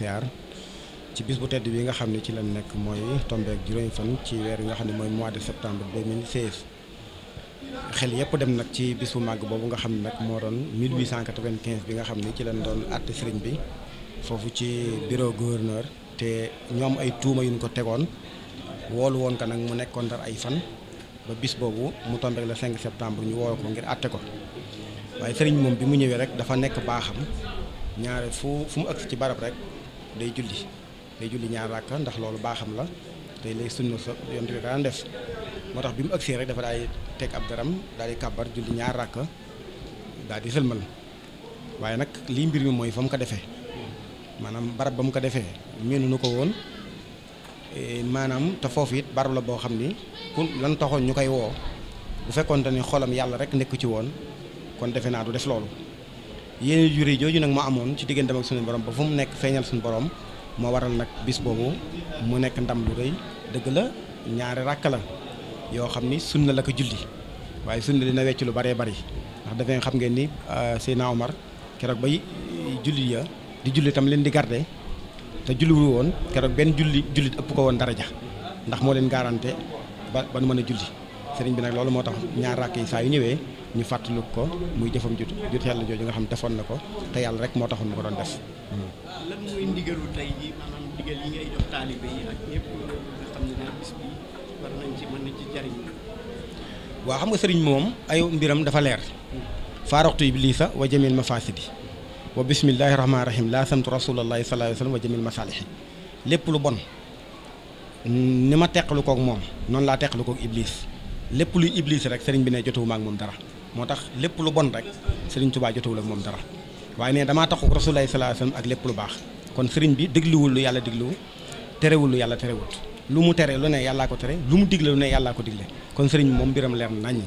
siyaar ci bis bu tedd bi nga xam ne ci lañ nekk mooy tombeek juróomi fan ci weer bi nga xam ne mooy mois de septembre 2016 xel yëpp dem nag ci bis bu màgg boobu nga xam ne nag moo doon 1895 bi nga xam ne ci leen doon àtte sëriñ bi foofu ci bureau gouverneur te ñoom ay tuuma yuñ ko tegoon woolu woon ko nag mu nekkoon ndar ay fan ba bis boobu mu tombeek le 5 septembre ñu woo ko ngir àtte ko waaye sëriñ moom bi mu ñëwee rek dafa nekk baaxam ñaare fu fu mu ëgg ci barab rek day julli day julli ñaar rakka ndax loolu baaxam la tey léegi sunna sa yonte bi daan def moo tax bi mu see rek dafa daal teg ab daram daal di kàbbar julli ñaar rakka daal di sëlmal waaye nag lii mbir mi mooy fa mu ko defee maanaam barab ba mu ko defee miinu nu ko woon e, maanaam te foofu it barab la boo xam ni ku lan taxoon ñu koy woo bu fekkoonte ni xolam yàlla rek nekku ci woon kon defe naa du def loolu yéene ju rëy nag moo amoon ci digganteem ak suñu borom ba fu mu nekk feeñal suñu borom moo waral nag bis boobu mu nekk ndam lu rëy dëgg la ñaari rakk la yoo xam ni sunna la ko julli waaye sunna dina wecc lu bëree bëri ndax dafay xam ngeen ni euh, Seydina Omar keroog bay julli ya di julli tam leen di garde te julliwul woon keroog benn julli jullit ëpp ko woon dara daraja ndax moo leen garanté ba ba nu mën a julli sëriñ bi nag loolu moo tax ñaar rakk yi saa yu ñëwee. ñu fàttaliku ko muy jëfam jut jut yàlla jooju nga xam defoon na ko te yàlla moo taxoon mu ko doon def. lan mooy nga sëriñ moom ay mbiram dafa leer. faaroxtu iblisa wa jamil mafasidi wa bismillahi rahmaani rahim laa samtu rasulallahi sallallahu alayhi wa sallam wa jamil masalihi lépp lu bon ni ma teqalu kook moom noonu laa teqalu kook iblis lépp luy iblis rek sëriñ bi ne jotuwuma ak dara moo tax lépp lu bon rek sëriñ tubaa jotewul la moom dara waaye ne damaa taxu Rasulullah sallallahu alayhi wasallam ak lépp lu baax kon Serigne bi dégluwul lu yàlla dégluwul terewul lu yàlla terewut lu mu tere lu ne yàllaa ko tere lu mu digle lu ne yàllaa ko digle kon Serigne bi moom mbiram leer naññi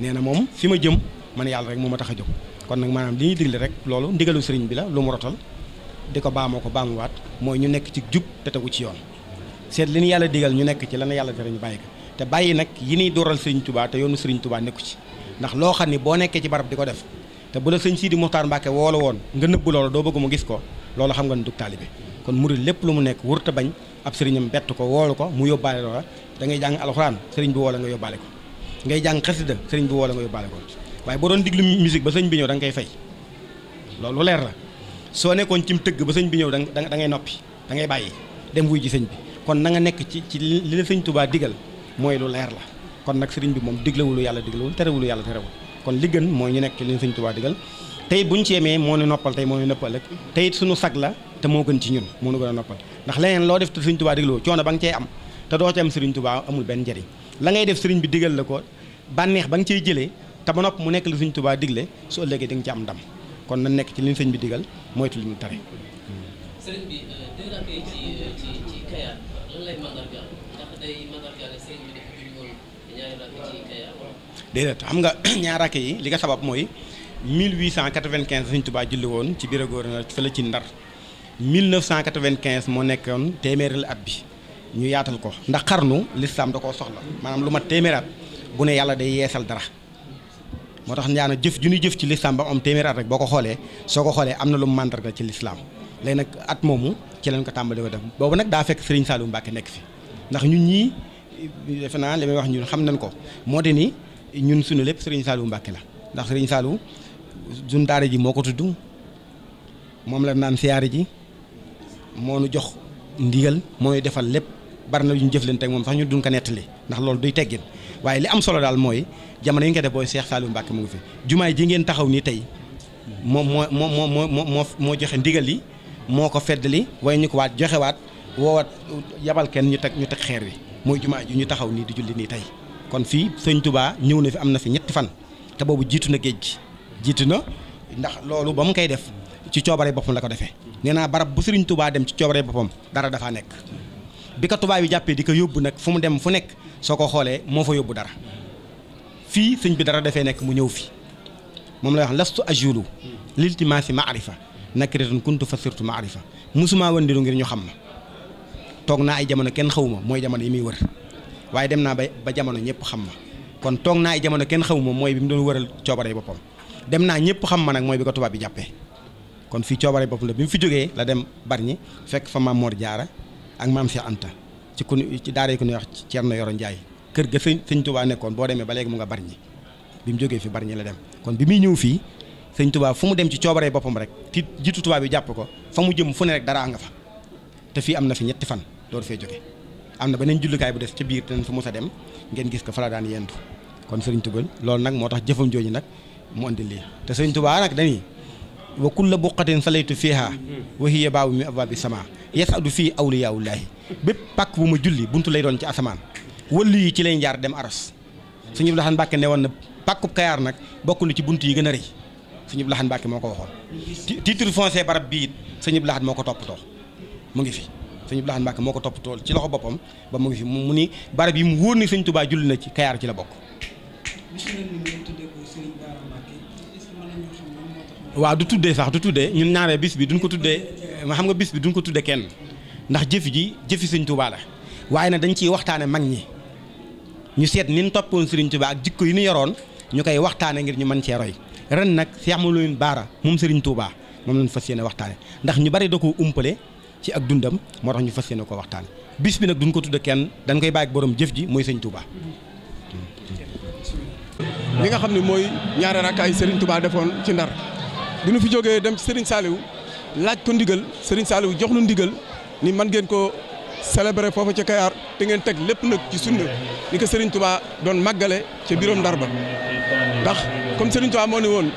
nee na moom fi ma jëm man yàlla rek moo ma tax a jóg kon nag maanaam li ñuy digle rek loolu ndigalu Serigne bi la lu mu rotal di ko baamoo ko baamuwaat mooy ñu nekk ci jub te ci yoon seet li yàlla digal ñu nekk ci lan yàlla tere ñu bàyyi ko te bàyyi nag yi ñuy dooral Serigne Touba te yoonu Serigne Touba ci ndax loo xam ni boo nekkee ci barab di ko def te bu la sëñ sii Sidi Muxtaar Mbàkke la woon nga nëbb loolu doo bëgg mu gis ko loolu xam nga ne dug taalibe kon murid lépp lu mu nekk wurta bañ ab sëriñam bett ko woolu ko mu yóbbaale loola dangay jàng alxuraan sëriñ bi woola nga yóbbaale ko ngay jàng xasida sëriñ bi woola nga yóbbaale ko waaye boo doon diglu musique ba sëñ bi ñëw da nga fay loolu leer la soo nekkoon cim tëgg ba sëñ bi ñëw danga da ngay noppi da bàyyi dem wuy ji sëñ bi kon na nga nekk ci ci li sëñ Tuubaa digal mooy lu leer la kon nag sëriñ bi moom diglewulu yàlla diglewul terewulu yàlla terewul kon li gën mooy ñu nekk liñ sëñ Tuubaa digal tey buñ ci yemee moo ñu noppal tey moo ñu noppal rek tey it suñu sag moo gën ci ñun moo ñu gën a noppal ndax leneen loo def te sëriñ Tuubaa diglewul coono ba nga cey am te doo ci am sëriñ Tuubaa amul benn njëriñ la ngay def sëriñ bi digal la ko bànneex ba nga cey jëlee te ba nopp mu nekk li sëriñ tubaa digle su ëllëgee di nga ci am ndam kon na nekk ci liñ sëñ bi digal moytu li ñu tare déedéet xam nga ñaar rakk yi li nga sabab mooy 1895 Sëñ Tuubaa julli woon ci biir gouverneur fële ci Ndar 1995 moo nekkoon téeméeril at bi ñu yaatal ko ndax xar xarnu lislaam da koo soxla maanaam lu ma téeméeraat bu ne yàlla day yeesal dara moo tax ñaana jëf ju ñuy jëf ci lislaam ba mu am téeméeraat rek boo ko xoolee soo ko xoolee am na lu mu màndarga ci lislaam léegi nag at moomu ci lañ ko tàmbali ko def boobu nag daa fekk Serigne Saliou Mbacke nekk fi ndax ñu ñii defe naa li may wax ñun xam nañ ko ñun suñu lépp sëriñ Saliou Mbacke la ndax sëriñ Saliou suñu ji moo ko tudd moom la naan siyaare ji moo nu jox ndigal mooy defal lépp bari na ñu jëflante ak moom sax ñu duñ ko nettali ndax loolu duy teggin waaye li am solo daal mooy jamono yi nga def booy Cheikh Saliou Mbacke mu ngi fi jumaay ji ngeen taxaw nii tey moom moo moo moo moo moo joxe ndigal li moo ko feddali waaye ñu ko waat joxewaat woowaat yabal kenn ñu teg ñu teg xeer wi mooy jumaa ji ñu taxaw nii di julli nii tey kon fii sëñ tubaa ñëw na fi am na fi ñetti fan te boobu jiitu na géej gi jiitu na ndax loolu ba mu koy def ci coobare boppam la ko defee nee naa barab bu sëriñ tubaa dem ci coobare boppam dara dafaa nekk bi ko tubaab yi jàppee di ko yóbbu nag fu mu dem fu nekk soo ko xoolee moo fa yóbbu dara fii sëñ bi dara dafee nekk mu ñëw fi moom la wax lastu ajulu liltimaasi maarifa nakiratun kuntu fa sirtu maarifa mosumaa wëndiru ngir ñu xam na toog naa ay jamono kenn xawuma mooy jamono yi muy wër waaye dem naa ba ba jamono ñëpp xam ma kon toog naa ay jamono kenn xaw ma mooy bi mu doon wëral coobare boppam dem naa ñëpp xam ma nag mooy bi ko tubaab bi jàppee kon fii coobare boppam la bi mu fi jógee la dem Bargny fekk fa maam Mor Jaara ak maam Cheikh ci ku ci daara ku ñuy wax Thierno Yoro Ndiaye kër ga sëñ sëñ Touba nekkoon boo demee ba léegi mu nga Bargny bi mu jógee fi Bargny la dem kon bi muy ñëw fii sëñ Touba fu mu dem ci coobare boppam rek ti jiitu tubaab bi jàpp ko fa mu jëm fu ne rek dara nga fa te fii am na fi ñetti fan door fee jóge am na beneen jullukaay bu des ca biir te su mos a dem ngeen gis ko fa la daan yentu kon sëriñ Tuubaa loolu nag moo tax jëfam jooju nag mu andi lii te sëriñ Tuubaa nag dañuy wa kulla buqatin salaytu fiiha wa hiya baabu mi abwaabi sama yasadu fii awliyaawullaahi bépp pàkk bu ma julli bunt lay doon ci asamaan wëllu yi ci lay njaar dem aras suñu Abdu Lahad ne woon na pàkkub Kayaar nag bokk na ci bunt yi gën a rëy suñu Abdu Lahad moo ko waxoon titre foncier barab bii it suñu Abdu Lahad moo ko toppatoo mu fi sëñ Abdou Lahad Mbacké moo ko topp tool ci loxo boppam ba mu ngi fi mu ni barab yi mu wóor ni sëñ Touba julli na ci Kayaar ci la bokk waaw du tuddee sax du tuddee ñun ñaaree bis bi duñ ko tuddee ma xam nga bis bi duñ ko tuddee kenn ndax jëf ji jëfi sëñ Touba la waaye nag dañ ciy waxtaane mag ñi ñu seet ni toppoon Serigne Touba ak jikko yi ñu yoroon ñu koy waxtaane ngir ñu mën cee roy ren nag Cheikh Mouloune Baara moom Serigne Touba moom lañ fas yéene waxtaane ndax ñu bari da ko umpale ci ak dundam moo tax ñu fas yéene ko waxtaan bis bi nag duñ ko tudd kenn dañ koy bàyyi boroom jëf ji mooy sëñ Touba. li nga xam ne mooy ñaari rakkaay Serigne tubaa defoon ci ndar bi nu fi jógee dem ci Serigne Saliou laaj ko ndigal Serigne Saliou jox nu ndigal ni man ngeen ko célébrer foofu ca Kayar te ngeen teg lépp nag ci sunna ni ko sëriñ tubaa doon màggale ca biirom ndar ba ndax comme sëriñ Touba moo ne woon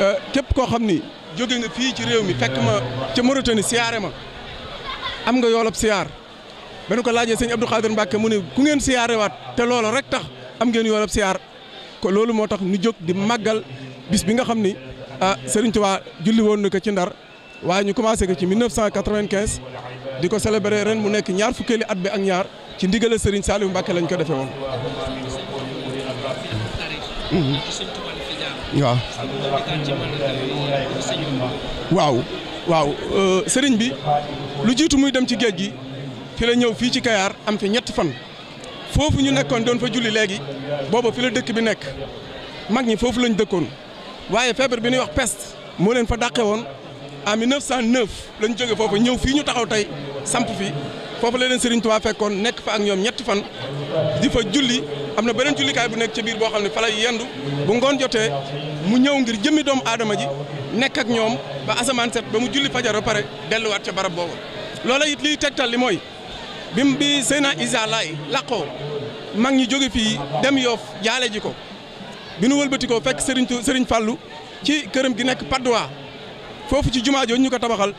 euh, képp koo xam ni jóge nga fii ci réew mi fekk ma ca Mauritanie siyaare ma. am nga yoolab siyaar ba ko laajee sëñ Abdou Khadir Mbacke mu ne ku ngeen siyaarewaat te loolu rek tax am ngeen yoolab siyaar ko loolu moo tax ñu jóg di màggal bis bi nga xam ni sëriñ Serigne waa julli woon na ko ci ndar waaye ñu commencé ko ci 1995 di ko célébrer ren mu nekk ñaar fukkeeli at bi ak ñaar ci ndigale Serigne Saliou Mbacke lañ ko defee woon. Mm-hmm. waaw waaw sëriñ bi. lu jiitu muy dem ci géej gi fi la ñëw fii ci Kayaar am fi ñetti fan foofu ñu nekkoon doon fa julli léegi booba fi la dëkk bi nekk mag ñi foofu lañ dëkkoon waaye feebar bi ñuy wax pest moo leen fa dàqe woon en 1909 lañ jóge foofu ñëw fii ñu taxaw tey samp fi foofu la leen Serigne Touba fekkoon nekk fa ak ñoom ñetti fan di fa julli am na beneen jullikaay bu nekk ci biir boo xam ne fa lay yendu bu ngoon jotee mu ñëw ngir jëmmi doomu aadama ji nekk ak ñoom ba asamaan set ba mu julli fajar ba pare delluwaat ca barab boobu loola it liy tegtal li mooy bim bi Seyna Isa Laay laqoo mag ñi jóge fii dem yoof jaale ji ko bi nu wëlbatikoo fekk sëriñ sëriñ Fàllu ci këram gi nekk Padoa foofu ci jumaa jooju ñu ko tabaxal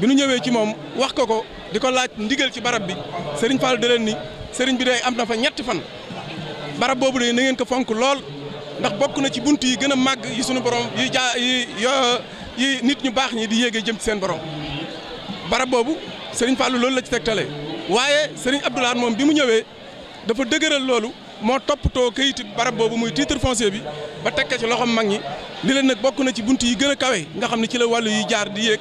bi nu ñëwee ci moom wax ko ko di ko laaj ndigal ci barab bi sëriñ Fàllu da ni sëriñ bi day am na fa ñetti fan barab boobu de na ngeen ko fonk lool ndax bokk na ci bunt yi gën a màgg yi suñu borom yi jaa yi yi nit ñu baax ñi di yéegee jëm ci seen borom barab boobu sëriñ Fallou loolu la ci tegtale waaye sëriñ Abdou Lahad moom bi mu ñëwee dafa dëgërël loolu moo toppatoo kayiti barab boobu muy titre foncier bi ba tekkee ci loxoom mag ñi li leen nag bokk na ci bunt yi gën a kawe nga xam ne ci la wàllu yi jaar di yéeg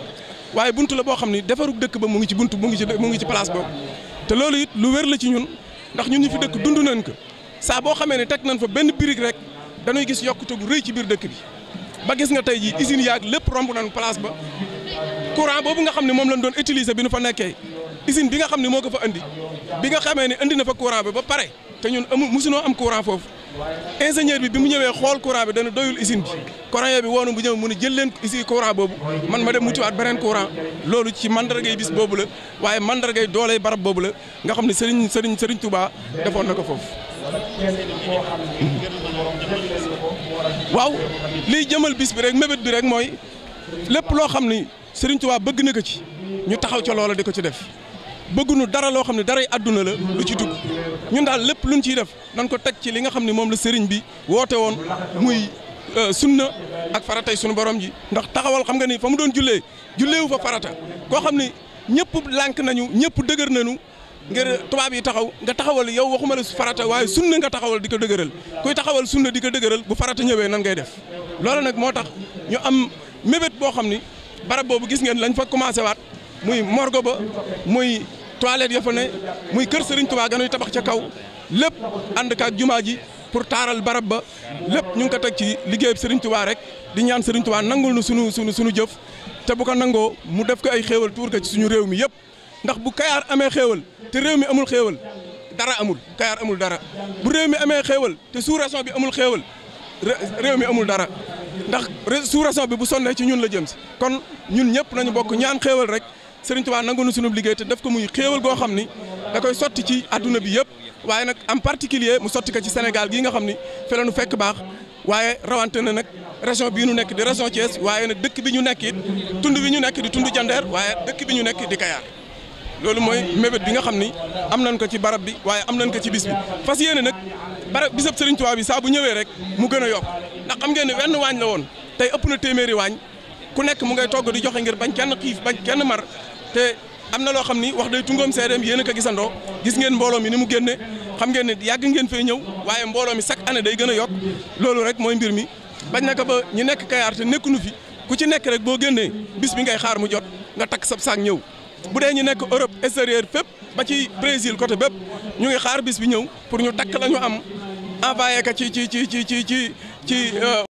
waaye bunt la boo xam ne defarug dëkk ba mu ngi ci bunt mu ngi ci mu ngi ci place boobu te loolu it lu wér la ci ñun ndax ñun ñu fi dëkk dund nañ ko saa boo xamee ne teg nañ fa benn birig rek dañuy gis yokkute bu rëy ci biir dëkk bi ba gis nga tey jii usines yaag lépp romb nañu place ba courant boobu nga xam ne moom lañ doon utiliser bi nu fa nekkee usine bi nga xam ne moo ko fa indi bi nga xamee ne indi na fa courant ba pare te ñun amul mosunoo am courant foofu ingénieur bi bi mu ñëwee xool courant bi dana doyul usine bi courant bi woonu bu ñëw mu ne jël leen usine courant boobu man ma dem mutiwaat beneen courant loolu ci mandargay bis boobu la waaye mandargay dooley barab boobu la nga xam ne sëriñ sëriñ sëriñ Touba defoon na ko foofu waaw liy jëmal biis bi rek mébét bi rek mooy lépp loo xam ni Serigne Touba bëgg na ko ci ñu taxaw ca loola di ko ci def bëgguñu dara loo xam ne daray àdduna la lu ci dugg ñun daal lépp luñ ciy def nañ ko teg ci li nga xam ne moom la Serigne bi woote woon muy euh, sunna ak faratay sunu borom ji ndax taxawal xam nga nii fa mu doon jullee julleewu fa farata koo xam ni ñëpp lànk nañu ñëpp dëgër nañu ngir tubaab yi taxaw nga taxawal yow waxuma la farata waaye sunna nga taxawal di ko dëgëral kuy taxawal sunna di ko dëgëral bu farata ñëwee nan ngay def loolu nag moo tax ñu am mébét boo xam ni barab boobu gis ngeen lañ fa commencé waat muy morgo ba muy toilette ya fa ne muy kër Serigne Touba ganuy tabax ca kaw lépp ànd kaak jumaa ji pour taaral barab ba lépp ñu ngi ko teg ci liggéeyub Serigne Touba rek di ñaan Serigne Touba nangul nu sunu sunu sunu jëf te bu ko nangoo mu def ko ay xéewal tuur ko ci suñu réew mi yëpp ndax bu kayaar amee xéewal te réew mi amul xéewal dara amul Kayar amul dara bu réew mi amee xéewal te sous-région bi amul xéewal réew mi amul dara ndax sous-région bi bu sonnee ci ñun la jëm si kon ñun ñëpp nañu bokk ñaan xéewal rek Serigne Touba nangu na sunu liggéey te def ko muy xéewal goo xam ni da koy sotti ci adduna bi yëpp waaye nag en particulier mu sotti ko ci Sénégal gii nga xam ni fi la nu fekk baax waaye rawante na nag région bii ñu nekk di waaye nag dëkk bi ñu nekk it bi ñu nekk di tund Jandeer waaye dëkk bi ñu nekk di Kayar loolu mooy mébét bi nga xam ni am nañ ko ci barab bi waaye am nañ ko ci bis bi fas yéene nag barab bisab Serigne Touba bi saa bu ñëwee rek mu gën a yokk ndax xam ngeen ne wenn waañ la woon tey ëpp na téeméeri waañ ku nekk mu ngay togg di joxe ngir bañ kenn xiif bañ kenn mar te am na loo xam ni wax day tungoom seedeem yéen a ko gisandoo gis ngeen mbooloo mi ni mu génne xam ngeen ne yàgg ngeen fay ñëw waaye mbooloo mi chaque année day gën a yokk loolu rek mooy mbir mi bañ naka ba ñu nekk Kayaar te fi ku ci nekk rek boo génnee bis bi ngay xaar mu jot nga takk sab saak ñëw bu dee ñu nekk Europe extérieur fépp ba ci Brésil côté bépp ñu ngi xaar bis bi ñëw pour ñu takk la ñu am envoyé ko ci ci ci ci ci ci euh,